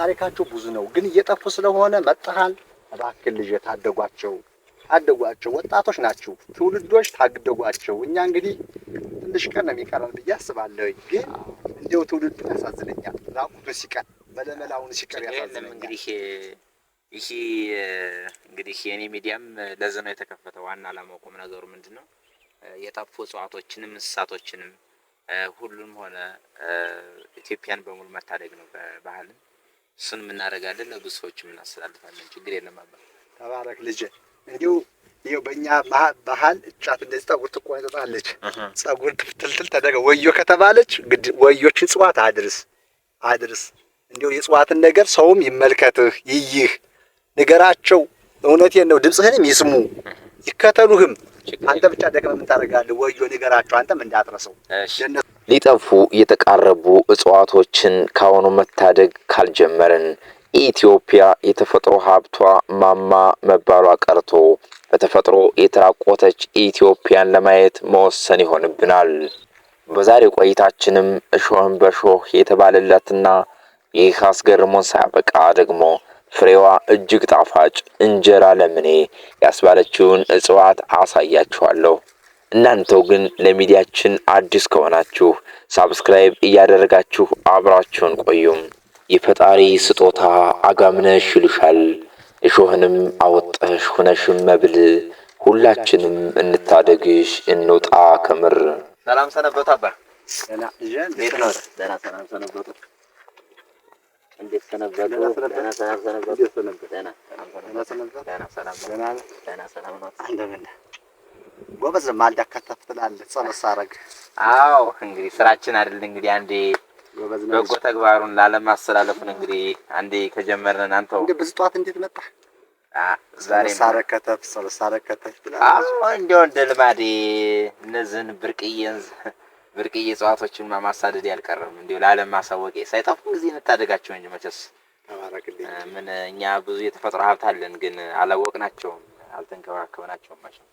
ታሪካቸው ብዙ ነው፣ ግን እየጠፉ ስለሆነ መጥተሃል። እባክህ ልጅ ታደጓቸው፣ ታደጓቸው። ወጣቶች ናቸው፣ ትውልዶች ታግደጓቸው። እኛ እንግዲህ ትንሽ ቀን ነው የሚቀረን ብዬ አስባለሁ፣ ግን እንዲው ትውልዱ ያሳዝነኛል። ራቁቱን ሲቀር መለመላውን ሲቀር ያሳዝነኛል። እንግዲህ ይህ እንግዲህ የኔ ሚዲያም ለዚህ ነው የተከፈተ። ዋና አላማው ቁም ነገሩ ምንድን ነው? የጠፉ እጽዋቶችንም እንስሳቶችንም ሁሉም ሆነ ኢትዮጵያን በሙሉ መታደግ ነው። በባህልም እሱን የምናደርጋለን ለብዙ ሰዎች የምናስተላልፋለን። ችግር የለም አባ ተባረክ ልጅ እንዲሁ ይኸው በእኛ ባህል እጫት እንደዚህ ጸጉር ትቆን ጸጉር ትልትል ተደረገ ወዮ ከተባለች ግድ ወዮችን ጽዋት አድርስ አድርስ። እንዲሁ የጽዋትን ነገር ሰውም ይመልከትህ፣ ይይህ ንገራቸው። እውነቴን ነው። ድምፅህንም ይስሙ ይከተሉህም። አንተ ብቻ ደግመህ ምን ታደርጋለህ? ወዮ ንገራቸው፣ አንተም እንዳትረሰው። ሊጠፉ የተቃረቡ እጽዋቶችን ካሁኑ መታደግ ካልጀመርን ኢትዮጵያ የተፈጥሮ ሀብቷ ማማ መባሏ ቀርቶ በተፈጥሮ የተራቆተች ኢትዮጵያን ለማየት መወሰን ይሆንብናል። በዛሬው ቆይታችንም እሾህን በሾህ የተባለላትና ይህ አስገርሞን ሳያበቃ ደግሞ ፍሬዋ እጅግ ጣፋጭ እንጀራ ለምኔ ያስባለችውን እጽዋት አሳያችኋለሁ። እናንተው ግን ለሚዲያችን አዲስ ከሆናችሁ ሳብስክራይብ እያደረጋችሁ አብራችሁን ቆዩም። የፈጣሪ ስጦታ አጋምነሽ ይሉሻል። እሾህንም አወጠሽ ሁነሽም መብል። ሁላችንም እንታደግሽ እንውጣ ከምር። ሰላም ሰነበቱ አባ። ሰላም ጎበዝ ነው። ማልዳ ከተፍ ትላለህ ጸሎት ሳረግ። አዎ እንግዲህ ስራችን አይደል እንግዲህ አንዴ ጎበዝ ነው። በጎ ተግባሩን ላለማስተላለፉን እንግዲህ አንዴ ከጀመርን አንተው እንግዲህ ብዙ ጠዋት እንዴት መጣ ዛሬ ሳረግ ከተፍ ጸሎት ሳረግ ከተፍ ትላለህ። አዎ እንዲያው እንደ ልማዴ እነዚህን ብርቅዬን ብርቅዬ እጽዋቶችን ማሳደድ ያልቀረም እንዲሁ ለዓለም ማሳወቅ ሳይጠፉ ጊዜ እንታደጋቸው እንጂ መቸስ ምን እኛ ብዙ የተፈጥሮ ሀብት አለን፣ ግን አላወቅናቸውም፣ አልተንከባከብናቸውም ማለት ነው።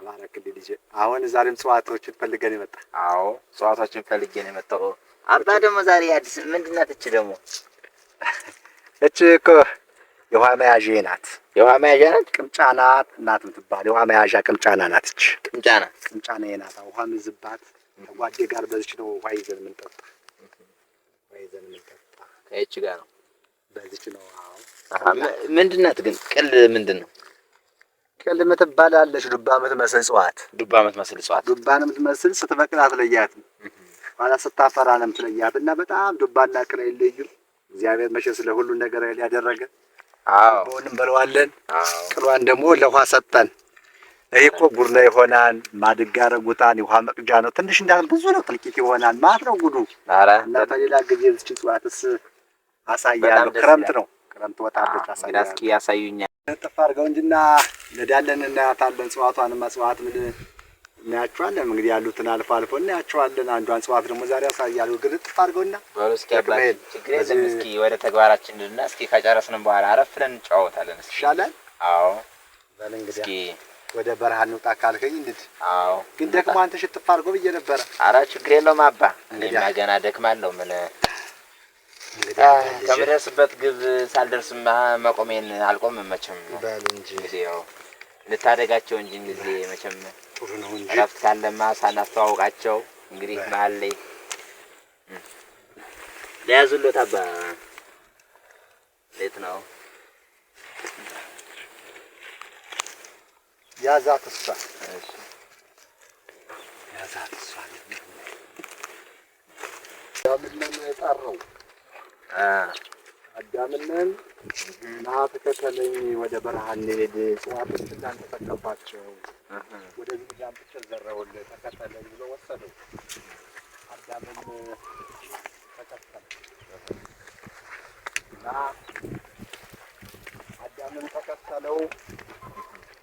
አማራ ክልል ይዤ አሁን ዛሬም እጽዋቶችን ፈልገን የመጣ አዎ እጽዋቶችን ፈልገን የመጣው አባ ደግሞ ዛሬ አዲስ ምንድን ናት እች ደግሞ እች እኮ የውሃ መያዣ ናት የውሃ መያዣ ናት ቅምጫ ናት እናት የምትባል የውሃ መያዣ ቅምጫ ናት እች ቅምጫ ናት ናት ውሃ ምዝባት ከጓዴ ጋር በዚች ነው ውሃ ይዘን የምንጠጣ ውሃ ይዘን የምንጠጣ ከእች ጋር ነው በዚች ነው አዎ ምንድን ናት ግን ቅል ምንድን ነው ቅል ምትባላለች ዱባ ምትመስል እጽዋት ዱባ ምትመስል እጽዋት ዱባን ምትመስል ስትበቅል አትለያትም። ኋላ ስታፈራ ነው የምትለያት እና በጣም ዱባና ቅል አይለዩም። እግዚአብሔር መቼ ስለ ሁሉ ነገር ይል ያደረገ በሁሉም በለዋለን። ቅሏን ደግሞ ለውሃ ሰጠን። ይህ እኮ ጉርላ ይሆናል፣ ማድጋ ረጉታን፣ የውሃ መቅጃ ነው። ትንሽ እንዳ ብዙ ነው፣ ጥልቂት ይሆናል ማት ነው ጉዱ እና በሌላ ጊዜ ዝች እጽዋትስ አሳያለሁ። ክረምት ነው ክረምት ወጣቶች አሳያለሁ። ያሳዩኛል ጥፍ አድርገው እንጂና ለዳለን እናያታለን። እጽዋቷንም እጽዋት ምን እናያቸዋለን። እንግዲህ ያሉትን አልፎ አልፎ እናያቸዋለን። አንዷን እጽዋት ደግሞ ዛሬ ያሳያሉ። ግን ጥፍ አድርገውና ችግር የለም። እስኪ ወደ ተግባራችን እንድና እስኪ ከጨረስንም በኋላ አረፍ ብለን እንጨዋወታለን። እስኪ ይሻላል። አዎ በል እንግዲህ ወደ በረሃ እንውጣ ካልከኝ እንግዲህ አዎ። ግን ደግሞ አንተ ሽጥፍ አድርገው ብዬ ነበረ። ኧረ ችግር የለውም አባ። እኔማ ገና ደክማለሁ ምን ከምደርስበት ግብ ሳልደርስማ መቆሜን አልቆምም። መቼም በሉ እንጂ ያው እንታደጋቸው እንጂ ጊዜ መቼም ጥሩ ነው እንጂ እረፍት ካለማ ሳናስተዋውቃቸው እንግዲህ መሀል ላይ ለያዙሎት አባ ቤት ነው ያዛት እሷ ያዛት እሷ ያምንን የጠራው አዳምንም ና ተከተለኝ፣ ወደ በረሃ እንሄድ፣ እጽዋቶች እንዳንተጠቀባቸው ወደዚህ ዳም ብቻ ዘረውልህ ተከተለኝ ብሎ ወሰደው። አዳምም ተከተለ እና አዳምም ተከተለው።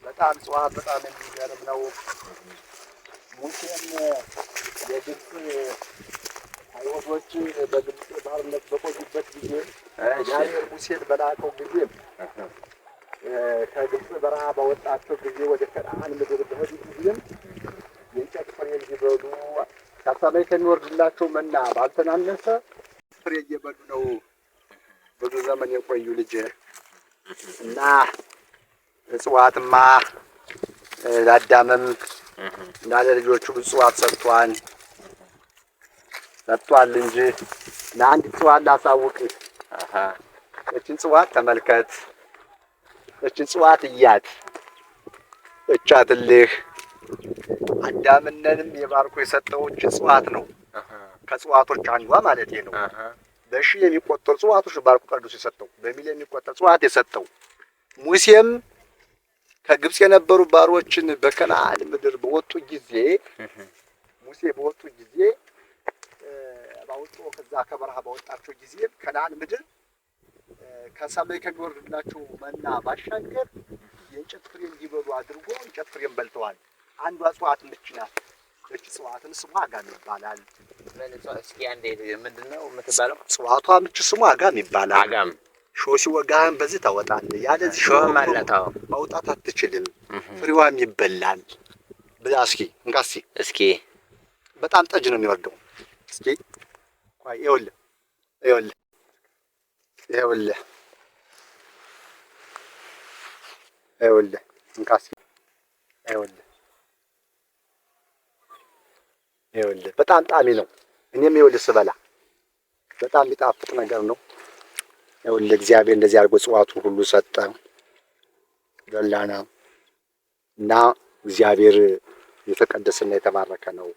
በጣም እጽዋት በጣም የሚገርም ነው። ሙሴም የግብፅ ወፎች በግብፅ ባርነት በቆዩበት ጊዜ እግዚአብሔር ሙሴን በላከው ጊዜ ከግብፅ በረሃ ባወጣቸው ጊዜ ወደ ከነዓን ምድር በሄዱ ጊዜም የእንጨት ፍሬ እንዲበሉ ከሰማይ ከሚወርድላቸው መና ባልተናነሰ ፍሬ እየበሉ ነው ብዙ ዘመን የቆዩ ልጅ እና እጽዋትማ ለአዳምም እና ለልጆቹ እጽዋት ሰጥቷል። ሰጥቷል እንጂ ለአንድ ጽዋ ላሳውቅ። እችን ጽዋት ተመልከት፣ እችን ጽዋት እያት፣ እቻትልህ አዳምነንም የባርኮ የሰጠውች እችን ጽዋት ነው። ከጽዋቶች አንዷ ማለት ነው። በሺ የሚቆጠሩ ጽዋቶች ባርኮ ቅዱስ የሰጠው በሚል የሚቆጠር ጽዋት የሰጠው ሙሴም ከግብፅ የነበሩ ባሮችን በከነዓን ምድር በወጡ ጊዜ ሙሴ በወጡ ጊዜ ባወጡ ከዛ ከበረሃ ባወጣቸው ጊዜ ከነአን ምድር ከሰማይ ከሚወርድላቸው መና ባሻገር የእንጨት ፍሬ እንዲበሉ አድርጎ እንጨት ፍሬን በልተዋል። አንዷ እጽዋት ምች ናት። እች እጽዋትን ስሟ አጋም ይባላል። እስኪ አንዴ ምንድን ነው የምትባለው? እጽዋቷ ምች ስሟ አጋም ይባላል። አጋም ሾህ ሲወጋህን በዚህ ታወጣለህ። ያለዚህ ሾህ ማለት ማውጣት አትችልም። ፍሬዋም ይበላል። ብላ እስኪ እንካ እስኪ በጣም ጠጅ ነው የሚወርደው። እስኪ ይኸውልህ ይኸውልህ ይኸውልህ ይኸውልህ እንካ እስኪ ይኸውልህ ይኸውልህ በጣም ጣሚ ነው። እኔም ይኸውልህ ስበላ በጣም የሚጣፍጥ ነገር ነው። ይኸውልህ እግዚአብሔር እንደዚህ አድርጎ እጽዋቱን ሁሉ ሰጠ በላና እና እግዚአብሔር የተቀደሰና የተባረከ ነው።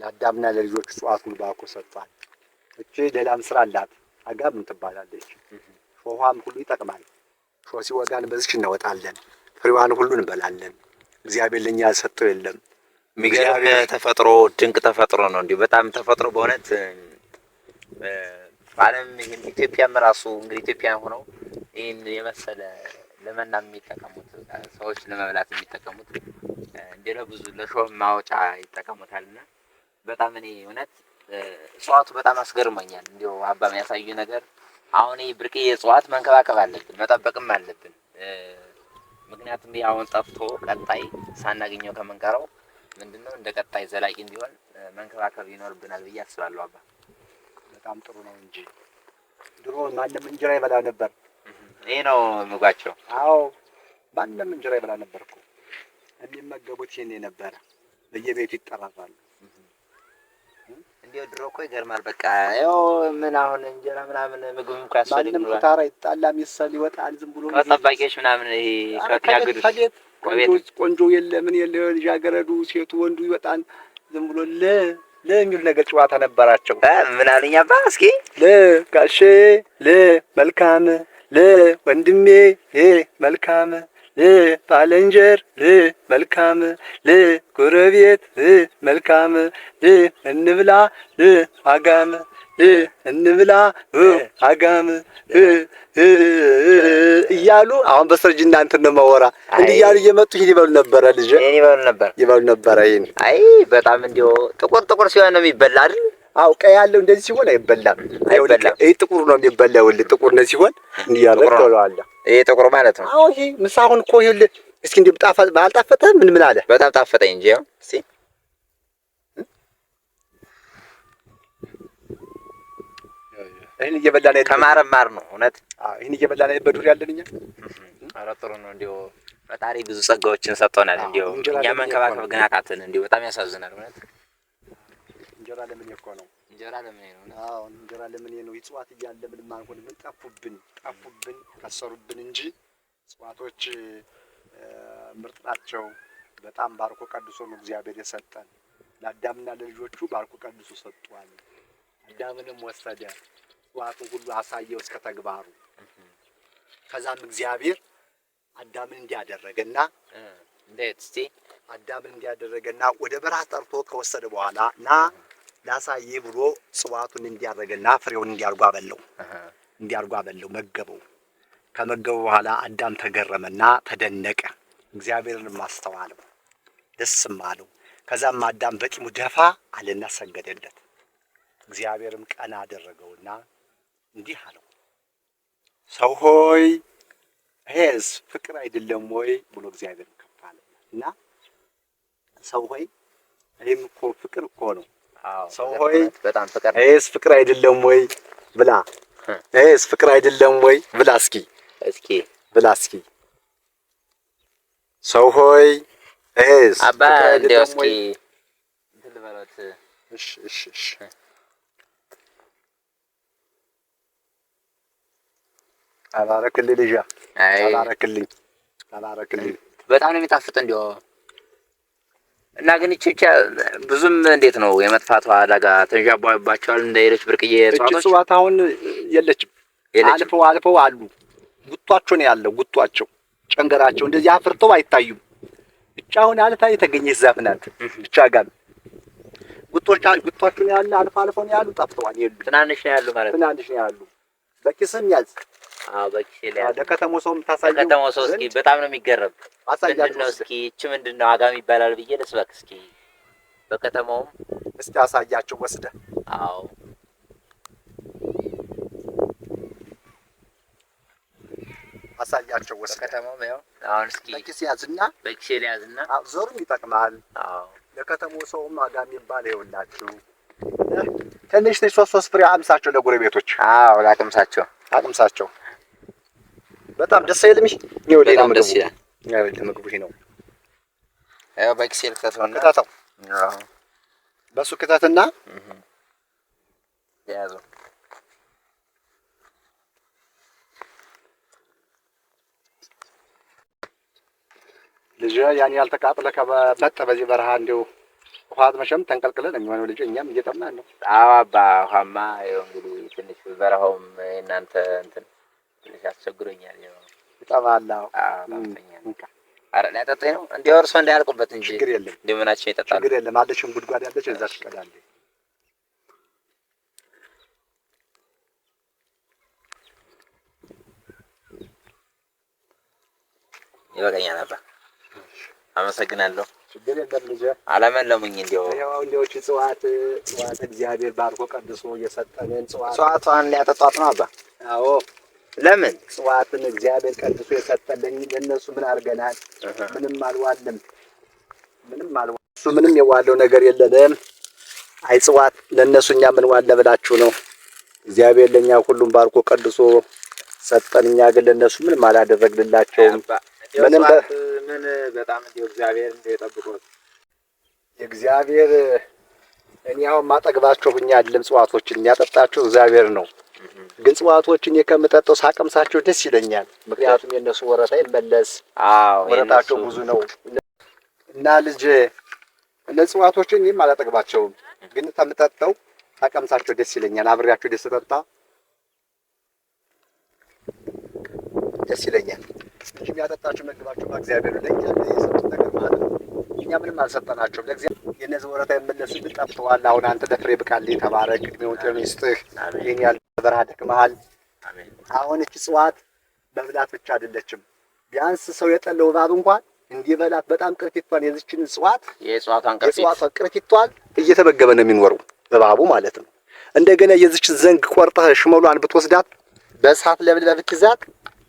ለአዳምና ለልጆቹ እጽዋቱን ባርኮ ሰጥቷል። እቺ ሌላም ስራ አላት። አጋብ ትባላለች። ሾሃም ሁሉ ይጠቅማል። ሾህ ሲወጋን በዚች እናወጣለን፣ ፍሬዋን ሁሉ እንበላለን። እግዚአብሔር ለኛ ሰጠው የለም። የሚገርም ተፈጥሮ፣ ድንቅ ተፈጥሮ ነው። እንዲሁ በጣም ተፈጥሮ በእውነት በዓለም ይህን ኢትዮጵያም ራሱ እንግዲህ ኢትዮጵያ ሆነው ይህን የመሰለ ለመና የሚጠቀሙት ሰዎች ለመብላት የሚጠቀሙት እንደ ለብዙ ለሾህ ማውጫ ይጠቀሙታል እና በጣም እኔ እውነት እጽዋቱ በጣም አስገርሞኛል። እንዲሁ አባ የሚያሳዩ ነገር አሁን ይህ ብርቅዬ እጽዋት መንከባከብ አለብን፣ መጠበቅም አለብን። ምክንያቱም አሁን ጠፍቶ ቀጣይ ሳናገኘው ከምንቀረው ምንድነው እንደ ቀጣይ ዘላቂ እንዲሆን መንከባከብ ይኖርብናል ብዬ አስባለሁ። አባ በጣም ጥሩ ነው እንጂ ድሮ ማንም እንጀራ ይበላ ነበር። ይህ ነው ምግባቸው። አዎ ማንም እንጀራ ይበላ ነበር እኮ የሚመገቡት ይህኔ ነበረ። በየቤቱ ይጠራራሉ። እንዲያው ድሮ እኮ ይገርማል። በቃ ያው ምን አሁን እንጀራ ምናምን ምግብ እንኳን ያስፈልግ ነው። ኩታራ ይጣላም ይሰል ይወጣል። ዝም ብሎ ጠባቂዎች ምናምን ይሄ ከሚያገዱት ቆንጆ ቆንጆ የለ ምን የለ ልጃገረዱ፣ ሴቱ፣ ወንዱ ይወጣል። ዝም ብሎ ለ ለ ነገር ጨዋታ ነበራቸው። ምን አለኝ አባ እስኪ ለ ጋሼ፣ ለ መልካም፣ ለ ወንድሜ፣ ለ መልካም ል ባለንጀር ል መልካም ል ጎረቤት ል መልካም ል እንብላ ል አጋም እ እንብላ አጋም እያሉ አሁን በሰርጅ እናንተ ነው ማወራ እንዲህ እያሉ እየመጡ ይሄን ይበሉ ነበረ። ልጅ ይሄን ይበሉ ነበር ይበሉ ነበረ። ይሄን አይ በጣም እንዲሁ ጥቁር ጥቁር ሲሆን ነው የሚበላ አይደል? አዎ ቀይ ያለው እንደዚህ ሲሆን አይበላም አይበላም። ይሄ ጥቁር ነው የሚበላው። ልጅ ጥቁር ነው ሲሆን እንዲህ ያረከለው አለ ይሄ ጥቁሩ ማለት ነው። አዎ ይሄ ምሳ አሁን እኮ ይሄ እስኪ እንደው ጣፋጭ አልጣፈጠህም? ምን ምን አለ? በጣም ጣፈጠኝ እንጂ ያው እስኪ ይሄን እየበላ ላይ ከማረም ማር ነው እውነት። አዎ ይሄን እየበላ ላይ በዱር ያለን እኛ ኧረ ጥሩ ነው። እንደው ፈጣሪ ብዙ ጸጋዎችን ሰጥቶናል። እንደው እኛ መንከባከብ ግን አቃተን። እንደው በጣም ያሳዝናል እውነት። እንጀራ ለምን እኮ ነው እንጀራ ለምን ነው። አዎ እንጀራ ለምን ነው። እጽዋት እያለ ምንም አንሆን። ምን ጠፉብን? ጠፉብን ከሰሩብን እንጂ እጽዋቶች ምርጥ ናቸው። በጣም ባርኮ ቀድሶ ነው እግዚአብሔር የሰጠን። ለአዳምና ለልጆቹ ባርኮ ቀድሶ ሰጥቷል። አዳምንም ወሰደ፣ እጽዋቱን ሁሉ አሳየው እስከ ተግባሩ። ከዛም እግዚአብሔር አዳምን እንዲያደረገና እንዴት እስቲ አዳምን እንዲያደረገና ወደ በረሃ ጠርቶ ከወሰደ በኋላ ና ላሳዬ ብሎ ጽዋቱን እንዲያደርግና ፍሬውን እንዲያርጓ በለው እንዲያርጓ በለው መገበው። ከመገበው በኋላ አዳም ተገረመና ተደነቀ። እግዚአብሔርን አስተዋለው፣ ደስም አለው። ከዛም አዳም በጢሙ ደፋ አለና ሰገደለት። እግዚአብሔርም ቀና አደረገውና እንዲህ አለው፣ ሰው ሆይ ይሄስ ፍቅር አይደለም ወይ ብሎ እግዚአብሔር ከፍ እና ሰው ሆይ ይህም እኮ ፍቅር እኮ ነው ሰው ሆይ ይሄስ ፍቅር አይደለም ወይ ብላ፣ ይሄስ ፍቅር አይደለም ወይ ብላ፣ እስኪ እስኪ ብላ፣ እስኪ ሰው ሆይ ይሄስ አባ እንደው እስኪ እሺ እሺ እሺ ተባረክልኝ ልጃ፣ ተባረክልኝ፣ ተባረክልኝ። በጣም ነው የሚጣፍጥ እንደው እና ግን ይቺ ብቻ ብዙም እንዴት ነው የመጥፋቱ አደጋ ተንዣቧባቸዋል። እንደ ሌሎች ብርቅዬ እጽዋት አሁን የለችም። አልፈው አልፈው አሉ። ጉቷቸው ነው ያለው። ጉቷቸው ጨንገራቸው እንደዚህ አፍርተው አይታዩም። ብቻ አሁን አልፋ የተገኘች ዛፍ ናት። ብቻ ጋር ጉቶች ጉቷቸው ያለ። አልፋ አልፈው ነው ያሉ። ጠፍተዋል። የሉ። ትናንሽ ነው ያሉ ማለት ትናንሽ ነው ያሉ። በኪስም ያዝ ለከተማው ሰው የምታሳየው ለከተማው ሰው እስኪ በጣም ነው የሚገረም አሳያለሁ። እስኪ እቺ ምንድን ነው አጋም ይባላል ብዬ ልስበክ እስኪ በከተማውም እስኪ አሳያቸው ወስደ። አዎ አሳያቸው ወስደ በከተማውም ያው አሁን እስኪ በኪሴ ያዝና በኪሴ ያዝና ዞርም ይጠቅማል። አዎ ለከተማው ሰውም አጋም ይባል ይኸውላችሁ። ትንሽ ትንሽ ሶስት ሶስት ፍሬ አምሳቸው ለጎረቤቶች። አዎ ላቅምሳቸው አቅምሳቸው በጣም ደስ አይልምሽ? ነው ወደ ነው ደስ ይላል። ምግቡ ይሄ ነው። ያው በኤክሴል ከተሰነ እና ከታተው በሱ ክተትና ያዙ ልጅ ያን ያልተቃጠለ ከመጠ በዚህ በረሃ እንደው ውሃ አጥመሸም ተንቀልቅለን የሚሆነው ልጅ እኛም እየጠማን ነው። አዎ አባ ውሃማ ይኸው እንግዲህ ትንሽ በረሃውም እናንተ እንትን ያስቸግሮኛል። እጠባለሁ። ሊያጠጣኝ ነው። እንዲያው እርሶ እንዳያልቁበት እንጂ ችግር የለም። እንደምናቸው ይጠጣል። ችግር የለም። አለችም ጉድጓድ ያለች እዛ ትቀዳለች። ይበቃኛል። አባ አመሰግናለሁ። ችግር የለም ልጄ። አለመለሙኝ እንዲያው እንዲያዎች እጽዋት እጽዋት እግዚአብሔር ባርኮ ቀድሶ እየሰጠንን እጽዋቷን ሊያጠጧት ነው አባ። አዎ ለምን እጽዋትን እግዚአብሔር ቀድሶ የሰጠልኝ ለእነሱ ምን አድርገናል? ምንም አልዋልም፣ ምንም አልዋልም። እሱ ምንም የዋለው ነገር የለንም። እጽዋት ለእነሱ እኛ ምን ዋለ ብላችሁ ነው? እግዚአብሔር ለእኛ ሁሉም ባርኮ ቀድሶ ሰጠን። እኛ ግን ለእነሱ ምንም አላደረግንላቸውም። ምንም ምን በጣም እንደው እግዚአብሔር እንደው የጠብቆት የእግዚአብሔር እኔ አሁን ማጠግባቸው ብኛ አይደለም፣ እጽዋቶችን የሚያጠጣቸው እግዚአብሔር ነው። ግን ጽዋቶችን የከምጠጠው ሳቀምሳቸው ደስ ይለኛል። ምክንያቱም የእነሱ ወረታ ይመለስ ወረታቸው ብዙ ነው እና ልጅ እነ ጽዋቶችን እኔም አላጠግባቸውም፣ ግን ከምጠጠው ሳቀምሳቸው ደስ ይለኛል። አብሬያቸው ደስ ጠጣ ደስ ይለኛል። እሺ ያጠጣችሁ መግባችሁ በእግዚአብሔር ለእኛ የሰጡት ነገር ማለት ነው። እኛ ምንም አልሰጠናቸውም። ለእግዚአብሔር የነዚህ ወረታ የመለሱ ብጠፍተዋል። አሁን አንተ ለፍሬ ብቃልኝ፣ ተባረክ፣ እድሜውን ጤና ይስጥህ ይህን ያል በረሃ ደክመሃል። አሁን እቺ እጽዋት መብላት ብቻ አይደለችም። ቢያንስ ሰው የጠለው እባብ እንኳን እንዲበላት በጣም ቅርፊቷን የዚችን እጽዋት የእጽዋቷን ቅርፊቷን እየተመገበ ነው የሚኖረው እባቡ ማለት ነው። እንደገና የዚችን ዘንግ ቆርጠህ ሽመሏን ብትወስዳት በእሳት ለብለህ ብትይዛት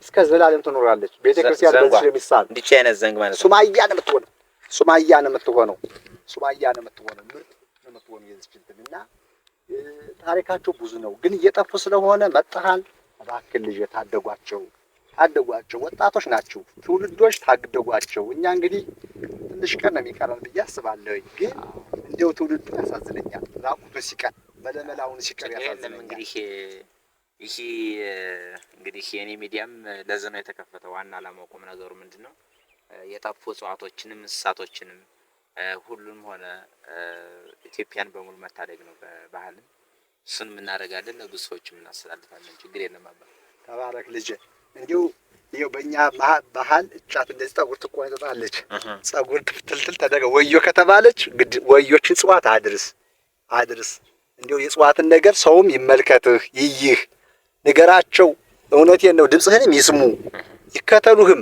እስከ ዘላለም ትኖራለች። ቤተክርስቲያን በዚህ የሚሳል እንዲህ አይነት ዘንግ ማለት ነው። ሱማያ ነው የምትሆነው ሱማያ ነው የምትሆነው ሱማያ ነው የምትሆነው ምርጥ ነው የምትሆነው የዚችን እንትን እና ታሪካቸው ብዙ ነው፣ ግን እየጠፉ ስለሆነ መጠሃል እባክህ ልጅ ታደጓቸው፣ ታደጓቸው። ወጣቶች ናቸው፣ ትውልዶች ታግደጓቸው። እኛ እንግዲህ ትንሽ ቀን ነው የሚቀረን ብዬ አስባለሁ፣ ግን እንዲው ትውልዱ ያሳዝነኛል። ራቁቱን ሲቀር መለመላውን ሲቀር ያሳዝነኛል። እንግዲህ ይህ እንግዲህ የኔ ሚዲያም ለዚህ ነው ዋና አላማው ቁም ነገሩ ምንድን ነው? የጠፉ እጽዋቶችንም እንስሳቶችንም ሁሉም ሆነ ኢትዮጵያን በሙሉ መታደግ ነው። በባህልም እሱን የምናደርጋለን፣ ለብዙ ሰዎች የምናስተላልፋለን። ችግር የለም አባ ተባረክ ልጅ እንዲሁ ይኸው በእኛ ባህል እጫት እንደዚህ ጸጉር ትቆን ጸጉር ትልትል ተደረገ ወዮ ከተባለች ወዮች እጽዋት አድርስ አድርስ። እንዲሁ የእጽዋትን ነገር ሰውም ይመልከትህ ይይህ ንገራቸው። እውነቴን ነው። ድምፅህንም ይስሙ ይከተሉህም።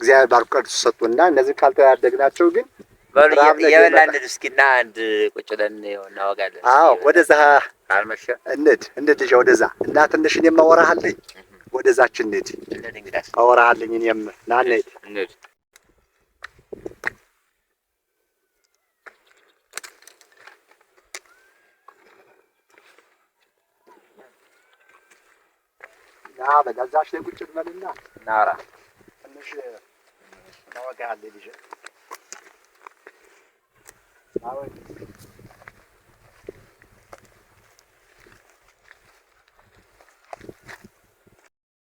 እግዚአብሔር ባርኩ ቀርሱ ሰጡና እነዚህ ካልተዳደግናቸው ግን የበላንድ እስኪና አንድ ቁጭ ብለን እናወጋለን። አዎ ወደዛ አልመሸ እንድ እንድ ልጅ ወደዛ እና ትንሽ እኔም አወራሃለኝ ወደዛችን እንሂድ አወራሃለኝ እኔም ና እንድ ያ በዛዛሽ ላይ ቁጭ ብለን እና እናውራ ትንሽ Cala a garra dele já. Ah,